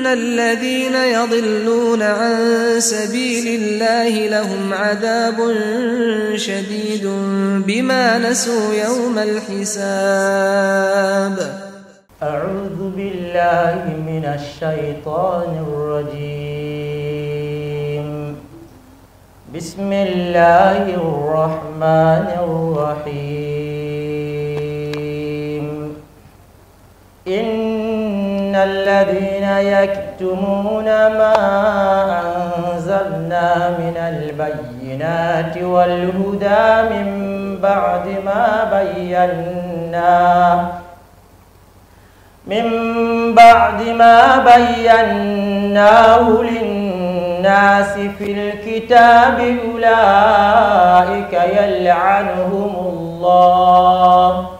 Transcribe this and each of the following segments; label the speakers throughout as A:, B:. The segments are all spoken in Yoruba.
A: ان الذين يضلون عن سبيل الله لهم عذاب شديد بما نسوا يوم الحساب اعوذ بالله من الشيطان الرجيم بسم الله الرحمن الرحيم الذين يكتمون ما أنزلنا من البينات والهدى من بعد ما بيناه من بعد ما بيناه للناس في الكتاب أولئك يلعنهم الله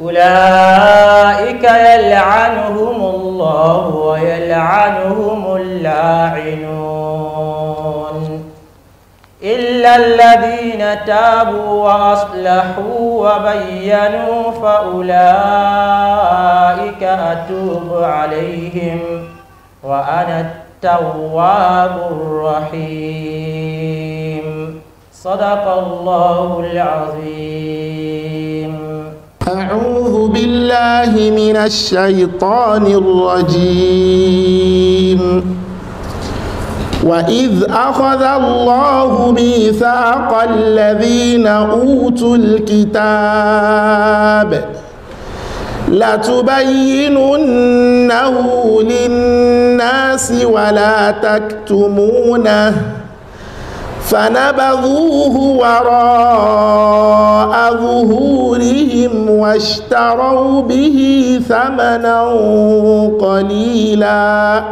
A: أولئك يلعنهم الله ويلعنهم اللاعنون إلا الذين تابوا وأصلحوا وبينوا فأولئك أتوب عليهم وأنا التواب الرحيم صدق الله العظيم
B: أعوذ بالله من الشيطان الرجيم وإذ أخذ الله ميثاق الذين أوتوا الكتاب لتبيننه للناس ولا تكتمونه فنبذوه وراء ظهورهم واشتروا به ثمنا قليلا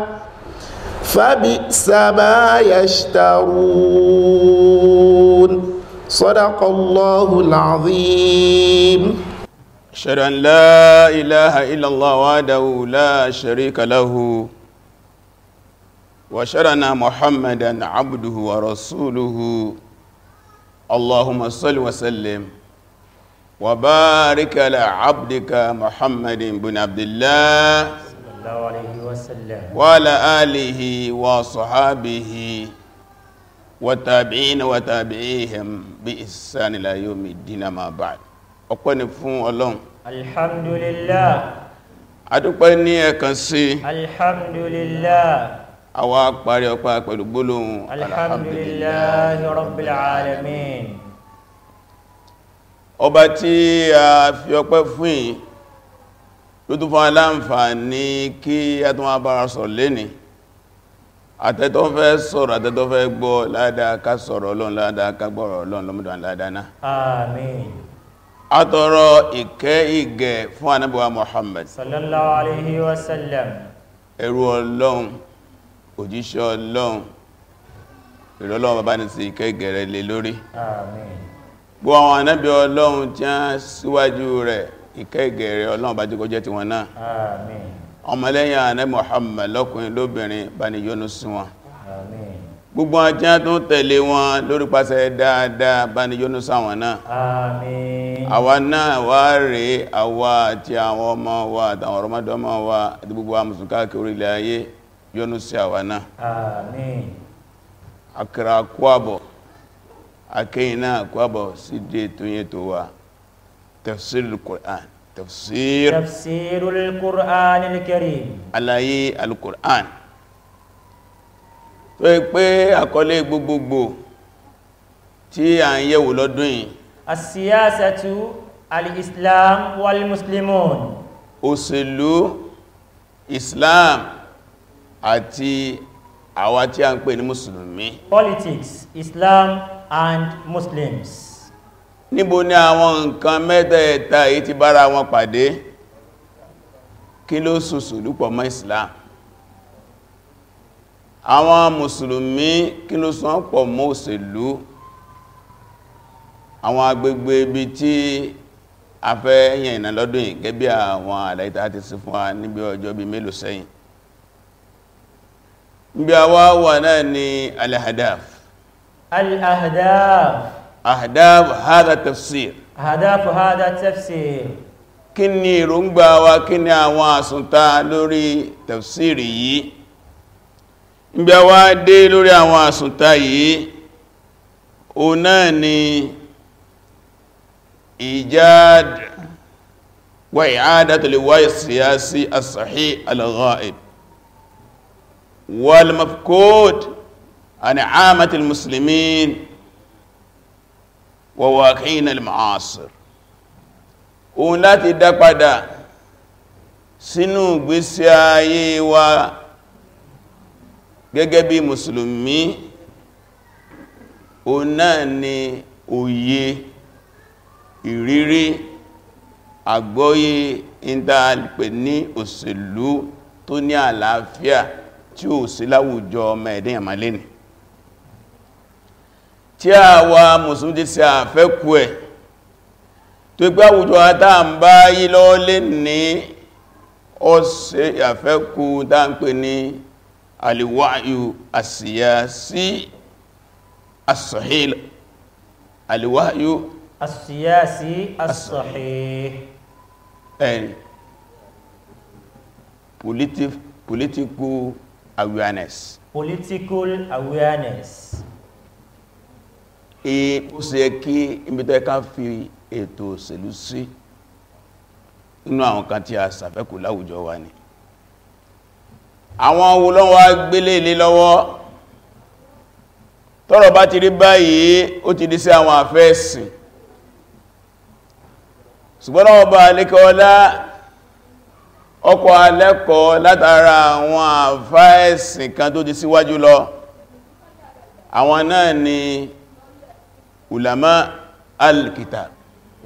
B: فبئس ما يشترون صدق الله العظيم
C: أشهد أن لا إله إلا الله وحده لا شريك له وشرنا محمدا عبده ورسوله اللهم صل وسلم وبارك على عبدك محمد بن عبد الله
D: صلى الله عليه وعلى
C: آله وصحابه وتابعين وتابعيهم بإحسان لا يوم الدين ما بعد ọpẹ́ ni fún Ọlọ́run
D: alhamdulillah
C: adúpẹ́ ní ẹ̀kan sí
D: alhamdulillah
C: àwa parí ọpá pẹ̀lú gbólóhùn alhamdulillahi
D: rabbil alamin
C: ọba tí a fi ọpẹ́ fún yìí ló tún fún aláǹfààní kí a tún wá bára sọ̀rọ̀ lẹ́ni àtẹ́tọ́ fẹ́ sọ̀rọ̀ àtẹ́tọ́ fẹ́ gbọ́ ládàá ká sọ̀rọ̀ ọlọ́run ládàá ká gbọ́rọ̀ ọlọ́run lọ́mọdàn òjíṣẹ́ ọlọ́run ìrọlọ́run bàbá ní sí ìkẹ́ ìgẹ̀rẹ̀ lé lórí àmín gbọ́ àwọn ànábì ọlọ́run tí a síwájú rẹ̀ ìkẹ́ ìgẹ̀rẹ̀ ọlọ́run bá jẹ́ ti wọn náà ọmọlẹ́yìn ànábì Muhammad lọ́kùnrin lóbìnrin bá ní yọ́nú sí wọn àmín gbogbo ajá tó tẹ̀lé wọn lórí pàṣẹ dáadáa bá ní yọ́nú sáwọn náà
D: àmín àwa
C: náà wá rí àwa àti àwọn ọmọ wa àtàwọn ọmọdọ́mọ wa àti gbogbo amùsùn káàkiri ilẹ̀ ayé yọ́nú sí àwa náà
D: àmín
C: àkàrà kúàbọ̀ akẹ́yìn náà kúàbọ̀ sí dé tó yẹ tó wà tafsirul Qur'an tafsir
D: tafsirul Qur'an al-Karim
C: àlàyé al-Qur'an tó yí pé àkọlé gbogbogbò tí a ń yẹ̀wò lọ́dún yìí
D: as-siyasatu al-Islam wal-muslimun
C: òṣèlú Islam àti àwa tí a ń pè ní mùsùlùmí
D: politics Islam and Muslims
C: níbo ni àwọn nǹkan mẹ́tẹ̀ẹ̀ta èyí ti bára wọn pàdé kí ló sùsù lúpọ̀ mọ́ Islam àwọn mùsùlùmí kí ló sọ pọ̀ mọ́ òṣèlú àwọn agbègbè ibi tí a fẹ́ yẹn ìnà lọ́dún yìí gẹ́bí àwọn àdáyítà ti sí fún wa níbi ọjọ́ bí mélòó sẹ́yìn bí a wá wà náà ni al-ahdaf
D: al-ahdaf
C: ahdaf hada tafsir
D: ahdaf hada tafsir
C: kí ni ìròǹgbà wa kí ni àwọn àsùntà lórí tafsiri yìí bí a wá dé lórí àwọn àsùntà yìí o náà ni ijad wa i'adatul wáyé siyasi as al-ghaib والمفقود عن عامة المسلمين وواقعين المعاصر òun láti dápadà sínú ìgbésí ayé wa gẹ́gẹ́ bí mùsùlùmí òun náà ni òye ìrírí àgbọ́yé ìdáàlùpẹ̀ ní òṣèlú tó ní àlàáfíà tí ó sí láwùjọ ọmọ ẹ̀dẹ́ ìyàmàlé ni tí a wà mùsùlùmí sí àfẹ́kù ẹ̀ tó gbá àwùjọ àtàmbá yí lọ́ọ́lé ní ó sí àfẹ́kù dáńpé ní alìwáyù àsìyàsí as-sahih alìwáyù
D: àsìyàsí as-sahih ẹ̀rì
C: political awareness.
D: political awareness.
C: e ó sì yẹ kí ibi tó ká fi ètò òṣèlú sí nínú àwọn kan tí a ṣàfẹ́kù láwùjọ wa ni àwọn wo ló wá gbélé ilé lọ́wọ́ tọ́rọ̀ bá ti rí báyìí ó ti di sí àwọn àfẹ́ẹ̀sìn ṣùgbọ́n lọ́wọ́ bá lékọ́ọ́lá ọkọ̀ alẹ́kọ̀ọ́ látara àwọn àfá ẹ̀sìn kan tó ti síwájú lọ àwọn náà ni ulama alkitab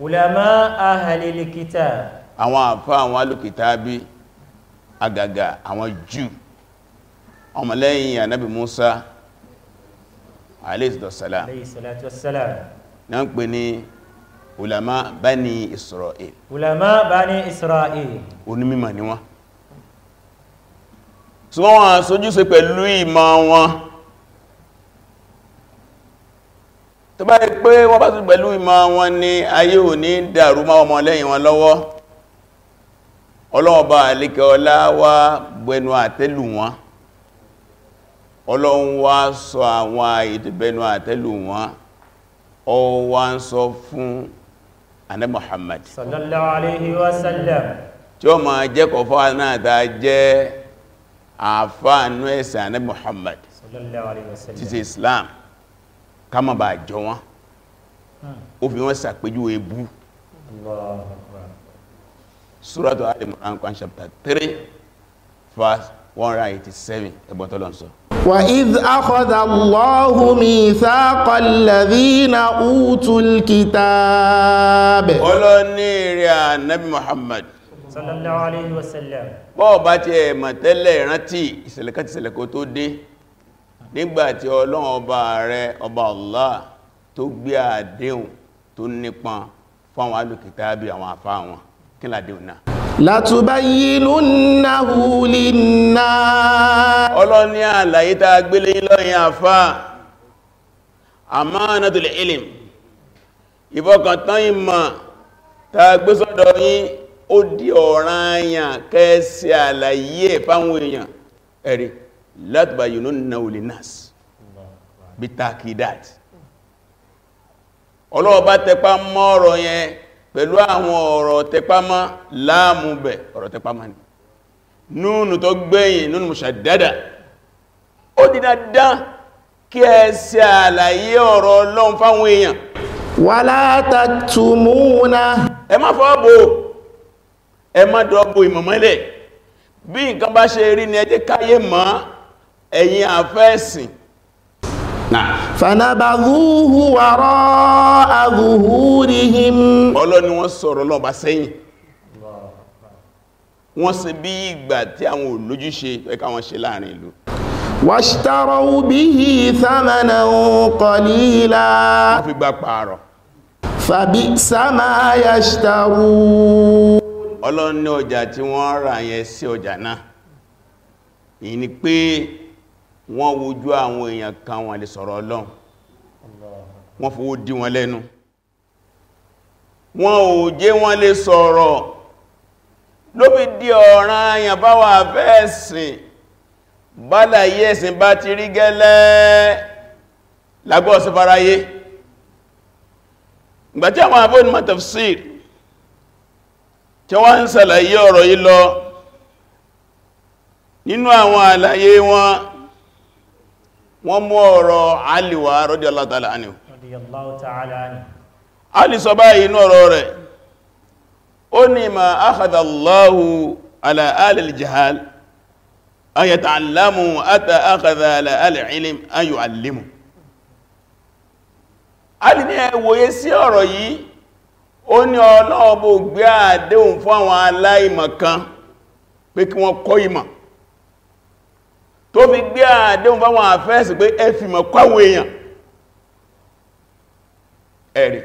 D: ulama ahalilikitab
C: àwọn àfá àwọn alukitabi agaga àwọn jù ọmọlẹ́yìn ànábì Musa alayhi
D: salatu wassalam
C: pè ní ulama bani israel
D: ulama bani israel
C: onímímọ̀ ni wọ́n so wọ́n sojúṣe pẹ̀lú ìmọ̀ wọn tó bá rí pé wọ́n bá tún pẹ̀lú ìmọ̀ wọn ni ayé ò ní dàrú máa ọmọ lẹ́yìn wọn lọ́wọ́ ọlọ́wọ́ bá àlékẹ́ ọlá wá gbẹnu àtẹ́lù wọn ọlọ́run wá sọ àwọn àyètò gbẹnu àtẹ́lù wọn ó wá ń sọ anẹ́ Muhammad
D: alaihi wasallam
C: tí ó máa jẹ́ kọ fún náà ta jẹ́ àfáànú ẹ̀sẹ̀ anẹ́ Muhammad
D: sallallahu alaihi
C: Islam ká má bàá jọ wọn hmm. ó fi wọ́n sàpéjú ebú Suratu Ali Imran chapter 3 verse 187 ẹgbọ́n tọ́lọ́nsọ́
B: وإذ أخذ الله ميثاق الذين أوتوا الكتاب
C: ọlọ́ni rẹ̀ ànábì Muhammad sallallahu alayhi wa sallam bọ́ọ̀ bá ti ẹ̀mọ̀ tẹ́lẹ̀ ìrántí ìṣẹ̀lẹ̀kà ti ṣẹlẹ̀kò tó dé nígbàtí ọlọ́run ọba rẹ̀ ọba Allah tó gbé àdéhùn tó nípọn fún àwọn alùkìtàbí àwọn àfáà wọn kí làdéhùn náà
B: látúbáyínúnnáhù línà
C: ọlọ́ni àlàyé tá a gbélé lọ́yìn àfá àmánatul ilim ìfọkàntán ìmọ̀ tá a gbé sọ́dọ̀ yín ó di ọ̀ranyàn kẹsí àlàyé fáwọn èèyàn ẹ̀rí látúbáyínúnnáhù línà bí takidat ọlọ́ọ̀bá tẹpá mọ́ yẹn pẹ̀lú àwọn ọ̀rọ̀ tẹpámá láàmúbẹ̀ ọ̀rọ̀ tẹpámá ni núnù tó gbẹ̀yìn núnù mùsàdádà ó di dáadáa kí ẹ ṣe àlàyé ọ̀rọ̀ Ọlọ́run fáwọn èèyàn wala taktumuna ẹ má fọ́bò ẹ má dọ́bò ìmọ̀mọ́lẹ̀ bí nǹkan bá ṣe rí ni ẹ jẹ́ káyé mọ́ ẹ̀yin àfẹ́sìn fanabahuhu wàrọ abuhurihim ọlọ́ni wọ́n sọ̀rọ̀ lọ́ba sẹ́yìn wọ́n ṣe bí ìgbà tí àwọn olójúṣe ẹka wọn ṣe láàrin ìlú
B: wàṣtàrọ̀ bihi
C: thamanan qalila wọ́n fi gbà pààrọ̀ fàbí sáàmà yàṣtàrù ọlọ́ni ọjà tí wọ́n rà yẹn sí ọjà náà ìyí pé wọ́n wojú àwọn èèyàn kan wọ́n lè sọ̀rọ̀ ọlọ́run wọ́n fowó dí wọn lẹ́nu wọ́n ò jẹ́ wọ́n lè sọ̀rọ̀ ló fi di ọ̀ràn àyàn bá wà fẹ́ẹ̀sìn bálà yẹ́sìn bá ti rí gẹ́lẹ́ lágbọ́ọ̀sí faraye ìgbàtí àwọn àbóyìn mọ́ tí wọ́n ń ṣàlàyé ọ̀rọ̀ yìí lọ nínú àwọn àlàyé wọn wọ́n mú ọ̀rọ̀ alìwà radiyallahu ta'ala anhu alì sọ báyìí inú ọ̀rọ̀ rẹ̀ ó ní ma akhadha Allahu ala ahli al-jahal an yata'allamu ata akhadha ala ahli al-ilm an yu'allimu alì ní ẹwòye sí ọ̀rọ̀ yìí kí wọ́n kọ́ ìmọ̀ tó fi gbé àdéhùn bá wọn àfẹ́ẹ̀sì pé ẹ fi mọ̀ kọ́wọ́ èèyàn ẹ̀rì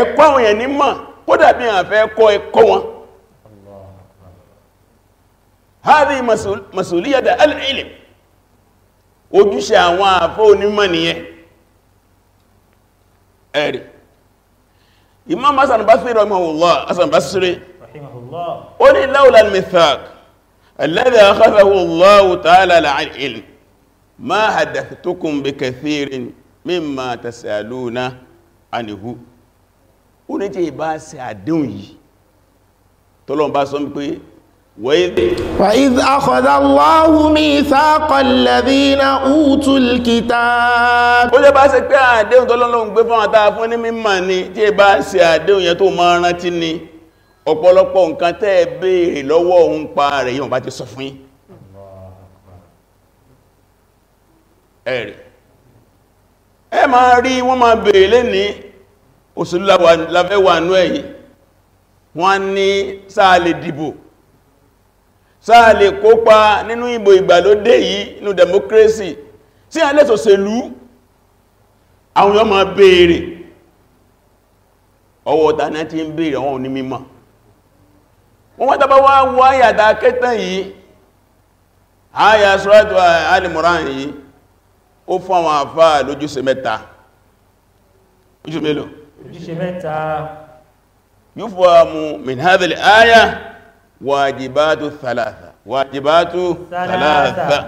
C: ẹ̀kọ́ àwọn èèyàn ní mọ̀ kó dàbí àfẹ́ ẹ̀kọ́ ẹ̀kọ́ wọn hádí masuliyata al-ilm ojúṣe àwọn àfẹ́ onímọ̀ nìyẹn ẹ̀rì imam hasan basri rahimahullah hasan basri
D: rahimahullah
C: ó ní mithaq الذي أخذه الله تعالى عن علم ما حدثتكم بكثير مما تسألون عنه ó ní tí ìbá ṣe àdéhùn yìí tọ́lọ́n bá sọ pé
B: وإذ أخذ الله ميثاق الذين أوتوا
C: الكتاب ó lè bá ṣe pé àdéhùn tọ́lọ́n lọ́n gbé fún àtàfún ní mímọ̀ ni tí ìbá ṣe àdéhùn yẹn tó máa rántí ni ọ̀pọ̀lọpọ̀ nǹkan tẹ́ ẹ béèrè lọ́wọ́ òun pa rẹ̀ yíò bá ti sọ fún yín ẹ̀rì ẹ máa rí wọ́n máa béèrè lé ní òṣèlú láfẹ́wàánú ẹ̀yìn wọ́n ní sáà lè dìbò sáà lè kópa nínú ìbò ìgbàlódé yìí nínú democracy tí a lẹ́sọ̀ òṣèlú àwọn yóò máa béèrè ọwọ́ ọ̀tá náà ti ń béèrè àwọn onímọ̀ wọ́n wọ́n tàbá wá wọ́ àyàdá kẹtàn yìí àyà sọ́rọ̀tù alìmọ̀ràn yìí ó fún àwọn àfá lójúṣe mẹ́ta ojúṣe mélòó
D: ojúṣe mẹ́ta
C: yóò fún àmú min hadhihi àyà wàjìbátù thalatha wàjìbátù thalatha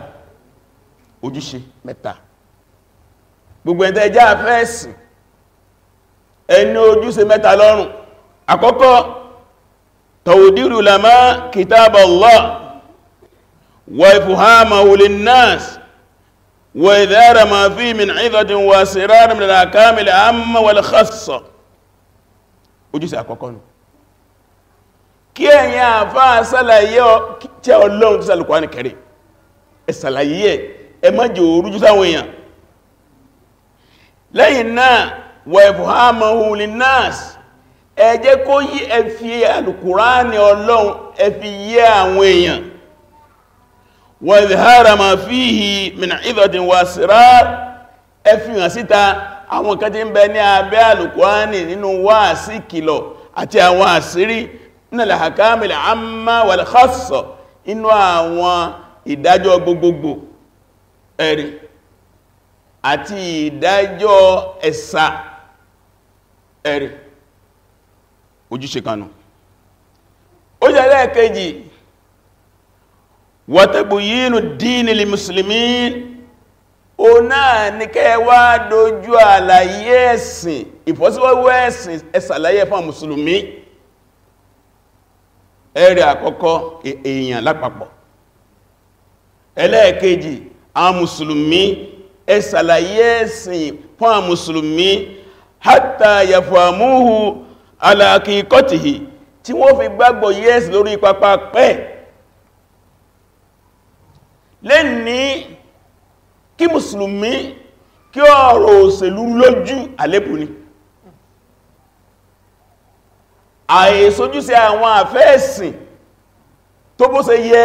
C: ojúṣe mẹ́ta gbogbo ẹ̀ntẹ́ ẹjá fẹ́ẹ̀sì ẹni ojúṣe mẹ́ta lọ́rùn àkọ́kọ́ تودير العلماء كتاب الله وإفهامه للناس وإذار ما فيه من عظة وسرار من الأحكام العامة والخاصة ojúṣe àkọ́kọ́ nù kí ẹ̀yin àfá ṣàlàyé tí Ọlọ́run tó sàlùkọ́ ní kẹrẹ ẹ ṣàlàyé ẹ̀ ẹ má jẹ́ orújú sáwọn èèyàn lẹ́yìn náà wà ìfòhámọ̀ hùlì náàsì ẹ jẹ́ kó yí ẹ fi alùkùránì ọlọ́run ẹ fi yé àwọn èèyàn wa izhara ma fihi min idatin wa sirar ẹ fi hàn síta àwọn kan tí ń bẹ ní abẹ́ alùkùránì nínú wáàsí kìlọ̀ àti àwọn àṣírí nínú àti ìdájọ́ ẹ̀sà ẹ̀rí ojúṣe kanú ó jẹ́ lẹ́ẹ̀kejì wọ́tẹ̀bù yínú dínì lè musulmi o náà ní kẹwa dojú àlàyé ẹ̀sìn ìfọ́síwọ́wọ́ ẹ̀sìn ẹ̀sàlàyé fún musulmi ẹ̀rẹ̀ àkọ́kọ́ èèyàn lápapọ̀ ẹlẹ́ẹ̀kejì àwọn musulmi ẹ̀sàlàyé ẹ̀sìn fún musulmi hátà yàfàmúhù aláàkì kọ́tìhì tí wọ́n fi gbàgbọ́ yes lórí pápá pẹ́ lè ní kí mùsùlùmí kí ọ̀rọ̀ òṣèlú lójú àlébù ni àìsójúsí àwọn àfẹ́ẹ̀sìn tó bó ṣe yẹ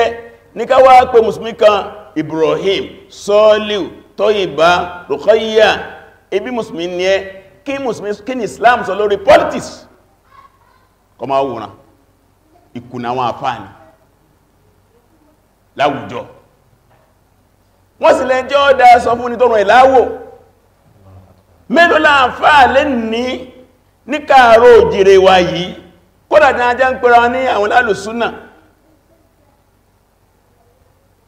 C: ní káwà pé mùsùlùmí kan Ibrahim Soliu Toyiba Rukhayya ebi mùsùlùmí ni ẹ kí mùsùlùmí kí Islam sọ lórí politics kọ máa wòrán ìkùnà àwọn àfáàní láwùjọ wọ́n sì lẹ́ jọ́ dá sọ fún ní tọrọ ìláwò mélòó láàfáà lè ní ní kààrò òjìrè wa yìí kódà ní ajá ń pẹ́ra ní àwọn lálùsúnà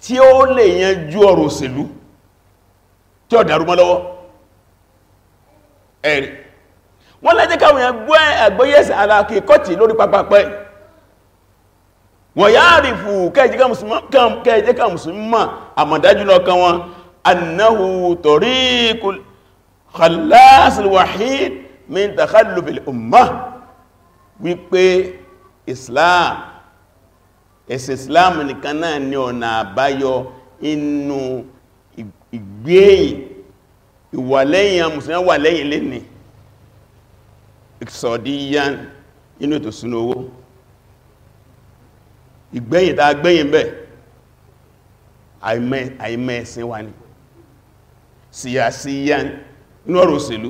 C: tí ó lè yanjú ọ̀rọ̀ òṣèlú tí ó lọ́wọ́ ẹ̀rì wọ́n láti káwọn yẹn gbọ́ àgbóyẹ̀sì aláàkì kọ́tì lórí papapẹ́ wọ̀n yáà rí fù kẹ́ẹ̀jẹ́ká musulman àmọ̀dájú lọ́kàn wọn annahu tariqul khalasul wahid min takhallubil ummah wípé islam ẹ̀sìn islam nìkan wà lẹ́yìn lẹ́nìí ìsọ̀díyàn inú ètò súnú owó ìgbẹ̀yìn tàà gbẹ̀yìn bẹ̀ àìmẹ́ ẹ̀sìn wà ní síyàsíyàn inú ọ̀rọ̀ òṣèlú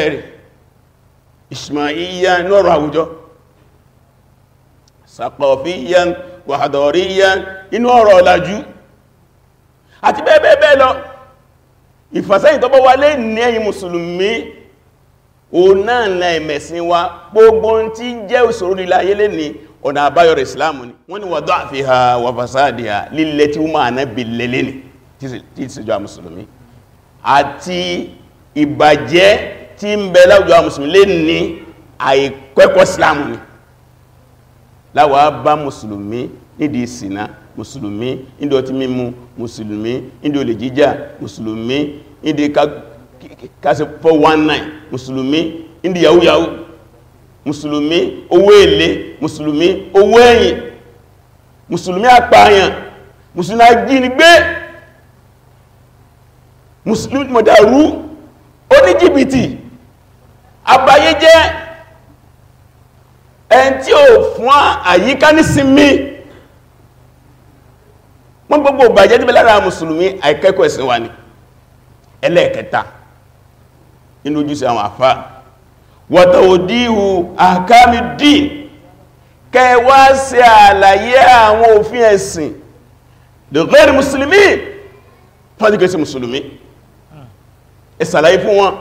C: ẹ̀rì ìṣmàíyàn inú ọ̀rọ̀ àwùjọ sàkọ̀fíyàn wàhàdọ̀ríyàn inú ọ̀rọ̀ ọ̀làjú àti bẹ́ẹ̀ bẹ́ẹ̀ ìfàsẹ́yìn tó bọ́ ní ẹ̀yin mùsùlùmí o náà ńlá ẹ̀mẹ̀sìn wa gbogbo tí jẹ́ òṣòro lílá ayé lè ní ọ̀nà àbáyọrẹ̀ ìsìláàmù ni wọ́n ni wà dọ́ àfihà wà fàsáàdì à lílẹ̀ tí ó máa náàbì lẹ́lẹ́ ní tí ìsìnjọ́ mùsùlùmí àti ìbàjẹ́ tí ń bẹ láwùjọ mùsùlùmí lè ní àìkẹ́kọ̀ọ́ ni láwàá mùsùlùmí nídò ọtí mímu mùsùlùmí nídò olè jíjà mùsùlùmí nídò kásẹ̀ 419 mùsùlùmí nídò yahoo yahoo mùsùlùmí owó èlé mùsùlùmí owó ẹ̀yìn mùsùlùmí àpààyàn mùsùlùmí ajínigbé mùsùlùmí mọ̀dàrú oníjìbìtì àbáyéjẹ́ ẹni tí ó fún àyíká nísinmi wọ́n gbogbo ìbàjẹ́ tí bẹ lára mùsùlùmí àìkẹ́kọ̀ọ́ ẹ̀sìn wa ni ẹlẹ́ẹ̀kẹta inú ojúṣe àwọn àfá wọ̀tọ̀ òdíhù àkámi dì kẹwa ṣe àlàyé àwọn òfin ẹ̀sìn dẹ̀gẹ́rì mùsùlùmí pàdíkẹsí mùsùlùmí ẹ̀sàlàyé fún wọn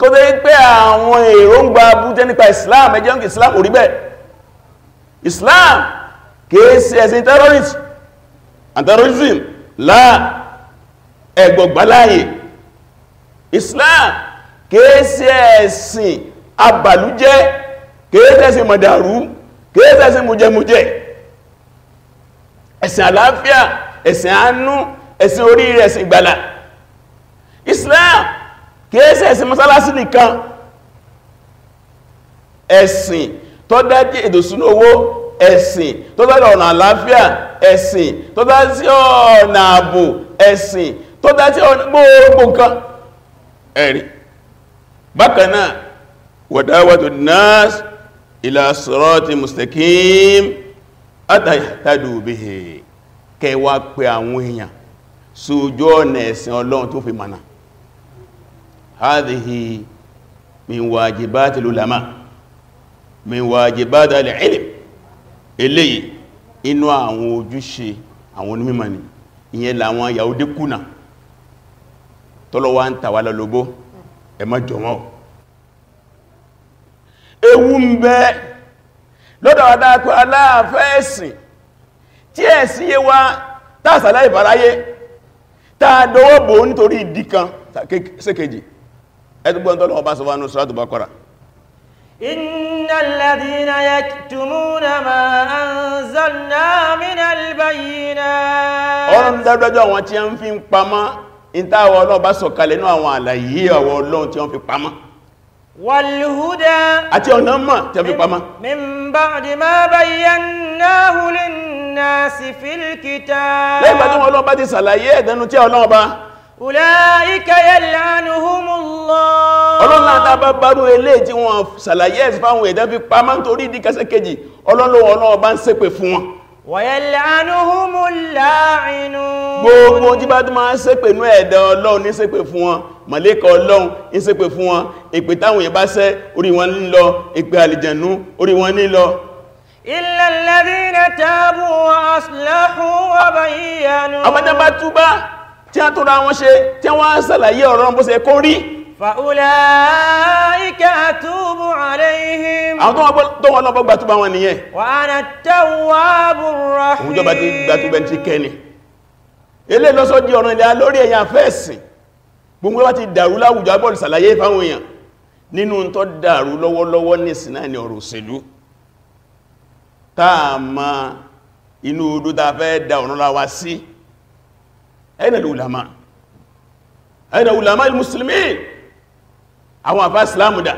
C: kó tó pé àwọn èròǹgbà abújẹ́ nípa islam ẹjọ́ islam orí bẹ́ẹ̀ islam kìí ṣe ẹ̀sìn terrorist and terrorism láà ẹgbọ̀gbáláyè Islam kéèsì ẹ̀sìn abàlújẹ́ kéèsì ẹ̀sìn mọ̀dàrú kéèsì ẹ̀sìn mújẹmújẹ ẹ̀sìn àlàáfíà ẹ̀sìn àánú ẹ̀sìn oríire ẹ̀sìn ìgbàlà Islam kéèsì ẹ̀sìn mọ́sálásí nìkan ẹ̀sìn tó dájí èdòsúnú owó ẹ̀sìn tó bá ọ̀nà àlàáfíà ẹ̀sìn tó bá sí ọ̀nà ààbò ẹ̀sìn tó bá sí ọ̀nà gbogbo nǹkan ẹ̀rí bákan náà wadawatu nas ila sirati mustaqim atahtadu bihi kẹwàá pé àwọn èèyàn sójú ọ̀nà ẹ̀sìn ọlọ́run tó fi mana min wajibati lulama min wajibati al-ilm eléyìí inú àwọn ojúṣe àwọn onímọ̀ ni ìyẹn làwọn Yahudi kùnà tọ́lọ́wà ń tàwà lọ́lọ́gbó ẹmọ́ jọmọ́ ewu ń bẹ lọ́dọ̀ àdákọ́ aláàfẹ́ẹ̀sìn tí ẹ̀ sí yé wá tààsàlá ìbáráyé tààdọwọ́bò nítorí ìdí kan sékèjì ẹgbọ́n tọ́lọ́wọ́ bá sọ wá ní
A: إن الذين يكتمون ما أنزلنا من البينات
C: ọ̀rọ̀ dájúdájú àwọn tí wọ́n fi ń pamọ́ ìtàwọ̀ ọlọ́run bá sọ̀kalẹ̀ nínú àwọn àlàyé àwọn ọlọ́run tí wọ́n fi pamọ́
A: wàlúhúdá
C: àti ọ̀nà mọ̀ tí wọ́n fi pamọ́
A: min ba'di ma bayyanahu lin-nasi fil kitab
C: lẹ́gbàtí wọn ọlọ́run bá ti sàlàyé ẹ̀dẹ́nu tí ọlọ́run bá
A: Ulaika yal'anuhumullah.
C: Ọlọ́run láta bá bárú ilé tí wọ́n ṣàlàyé ẹ̀sì fáwọn ẹ̀dá fi pa máa ń torí ìdí kẹsẹ́ kejì, ọlọ́run ọlọ́run bá ń ṣépè fún wọn.
A: Wa yal'anuhumul la'inun.
C: Gbogbo tí bá tún máa ń ṣépè ní ẹ̀dá ọlọ́run ní ṣépè fún wọn, màlẹ́kà ọlọ́run ní ṣépè fún wọn, èpè táwọn yẹn bá ṣẹ́ orí wọn ń lọ, èpè àlìjẹ̀nú orí wọn ní Illa alladhina tabu wa aslahu wa bayyanu. Àwọn tán bá tí a tó ra wọn ṣe tí wọ́n á sàlàyé ọ̀rọ̀ bó ṣe kó rí
A: fa'ula'ika atubu alaihim àwọn
C: tó wọ́n lọ́bọ̀ gbàtúbà wọn nìyẹn wa ana tawwabur rahim òun ti gbàtúbẹ̀ ti kẹni ilé lọ́sọ́ di ọ̀rọ̀ ilẹ̀ lórí ẹ̀yà fẹ́ẹ̀sìn gbogbo wá ti dàrú láwùjọ abọ́lù sàlàyé fáwọn èèyàn aina al-ulama aina ulama al-muslimin àwọn àfá islamu dà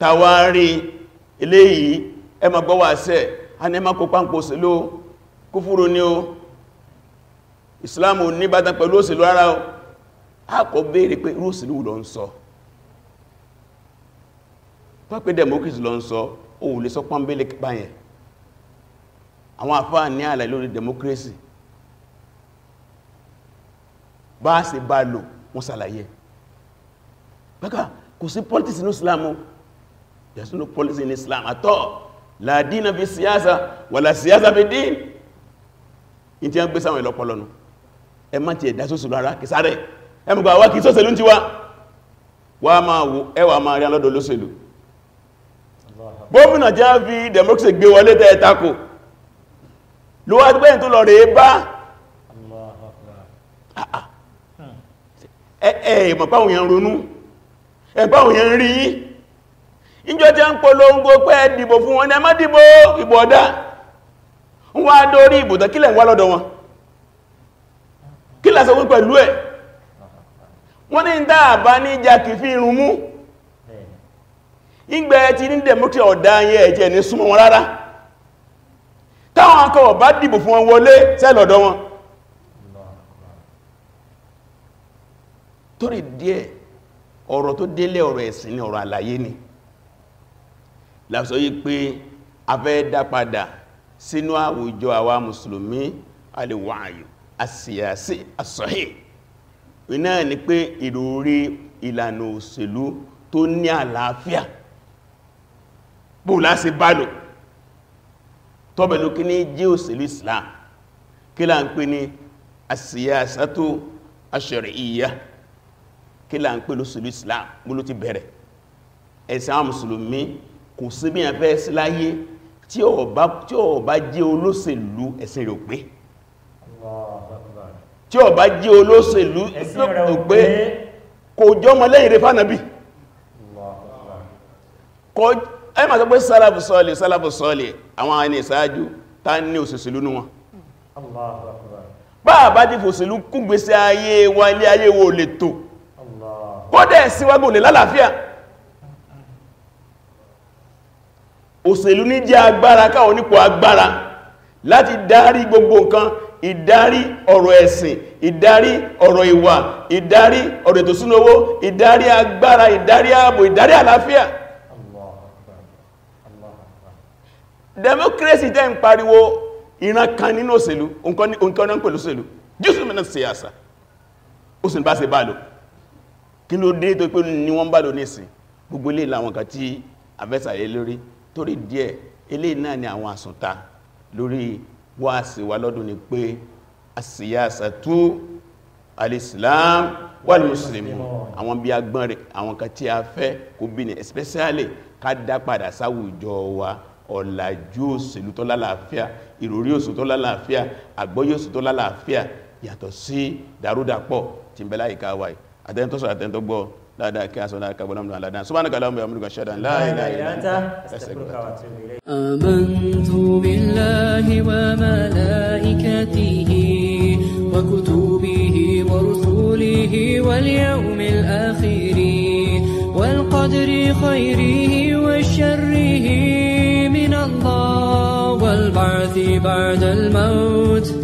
C: tàwárí eléyìí ẹ ma gbọ́wà sẹ́ a ní ẹ ma kó pàǹpò sílò kúfúrú ní o islamu ní bá tán pẹ̀lú òṣèlú ara o a kò béèrè pé irú òṣèlú lọ ń sọ tó pé democracy lọ ń sọ o lè sọ pọ́nbélé báyẹn àwọn àfá ní àlàyé lórí democracy bá a ṣe bá lò wọ́n ṣàlàyé bákà kò sí politics ní islam o there's no politics in islam at all la dina bi siyasa wala siyasa bi din in ti a ń gbé sáwọn ìlọ́pọ̀lọ́nu ẹ má ti ẹ̀dá sóṣèlú ara kìsárẹ̀ ẹmùgbà wá kìí sóṣèlú ti wá wá máa wò ẹwà máa rí alọ́dọ̀ lóṣèlú gómìnà já fi democracy gbé wọlé tẹ́ẹ̀takò ló wá gbẹ́yìn tó lọ rẹ̀ bá Allah ẹ̀ẹ̀mọ̀páwọn èèyàn ronú ẹ̀páwọn èèyàn rí ìjọ tí a ń polongo dìbò fún wọn ẹ dìbò ìbò ọ̀dá ń wá dórí ìbòtán kílẹ̀ ń wá lọ́dọ̀ wọn kílẹ̀ sọ pẹ̀lú ẹ̀ wọ́n ní dáàbá ní fi irun mú ti ní ọ̀dá ẹ̀jẹ̀ fún wọn wọlé sẹ́lọ̀dọ̀ wọn torí díẹ̀ ọ̀rọ̀ tó délé ọ̀rọ̀ ẹ̀sìn ni ọ̀rọ̀ àlàyé ni lásọ yí pé a fẹ́ dá padà sínú àwùjọ àwa mùsùlùmí alìwàáyù àsìyàsí àsọ̀hì iná ni pé ìròrí ìlànà òṣèlú tó ní àlàáfíà bó láti bálò tọ́bẹ̀lú kí ní jẹ́ òṣèlú Islam kí là ń pè ní àsìyàsátó àṣẹ̀rẹ̀ ìyá kí là ń pè lóṣùlù islam mú ló ti bẹ̀rẹ̀ ẹ̀sìn àwọn mùsùlùmí kò sí bí ẹ̀fẹ́ sí láyé tí ó bá jẹ́ olóṣèlú ẹ̀sìn rẹ̀ pé tí ó bá jẹ́ olóṣèlú ẹ̀sìn rẹ̀ pé kò jọ mọ́ lẹ́yìn rẹ̀ fánàbí ẹ ma sọ pé sálàfù sọ́ọ̀lì sálàfù sọ́ọ̀lì àwọn ẹni ìsáájú tá ní òṣèṣèlú nú wọn bá bá ti fòṣèlú kúgbésí ayé wa ilé ayé wo lè tó kọ́dẹ̀ síwágbò lè lálàáfíà òṣèlú ní jẹ́ agbára káwọn onípò agbára láti dárí gbogbo nǹkan ìdarí ọ̀rọ̀ ẹ̀sìn ìdarí ọ̀rọ̀ ìwà ìdarí ọ̀rọ̀ ètò súnowó ìdarí agbára ìdarí ààbò ìdarí àlàáfíà democracy tẹ́ ń pariwo ìran kan nínú òṣèlú nǹkan ní pẹ̀lú òṣèlú jùsùn mẹ́nà síyàsà ó bá se bá lò kí ló dé tó pé ní wọ́n bá lò nísìn gbogbo ilé ìlàwọn kan tí àfẹ́sàyẹ lórí torí díẹ̀ ilé náà ni àwọn àsùntà lórí wáàsí wa lọ́dún ni pé àsìyàsà tó alìsìlám wal muslimun àwọn bí agbọ́n rẹ̀ àwọn kan tí a fẹ́ kò bí ní especially ká dá padà sáwùjọ wa ọ̀làjú òṣèlú tó lálàáfíà ìròrí òṣù tó lálàáfíà àgbọ́yé òṣù tó lálàáfíà yàtọ̀ sí dàrúdàpọ̀ tí wáyìí أدين تصل أدين تبوا لا دا كاس ولا كابولام ولا دا سبحانك اللهم يا ملك لا إله إلا أنت
A: آمنت بالله وملائكته وكتبه ورسوله واليوم الآخر والقدر خيره وشره من الله والبعث بعد الموت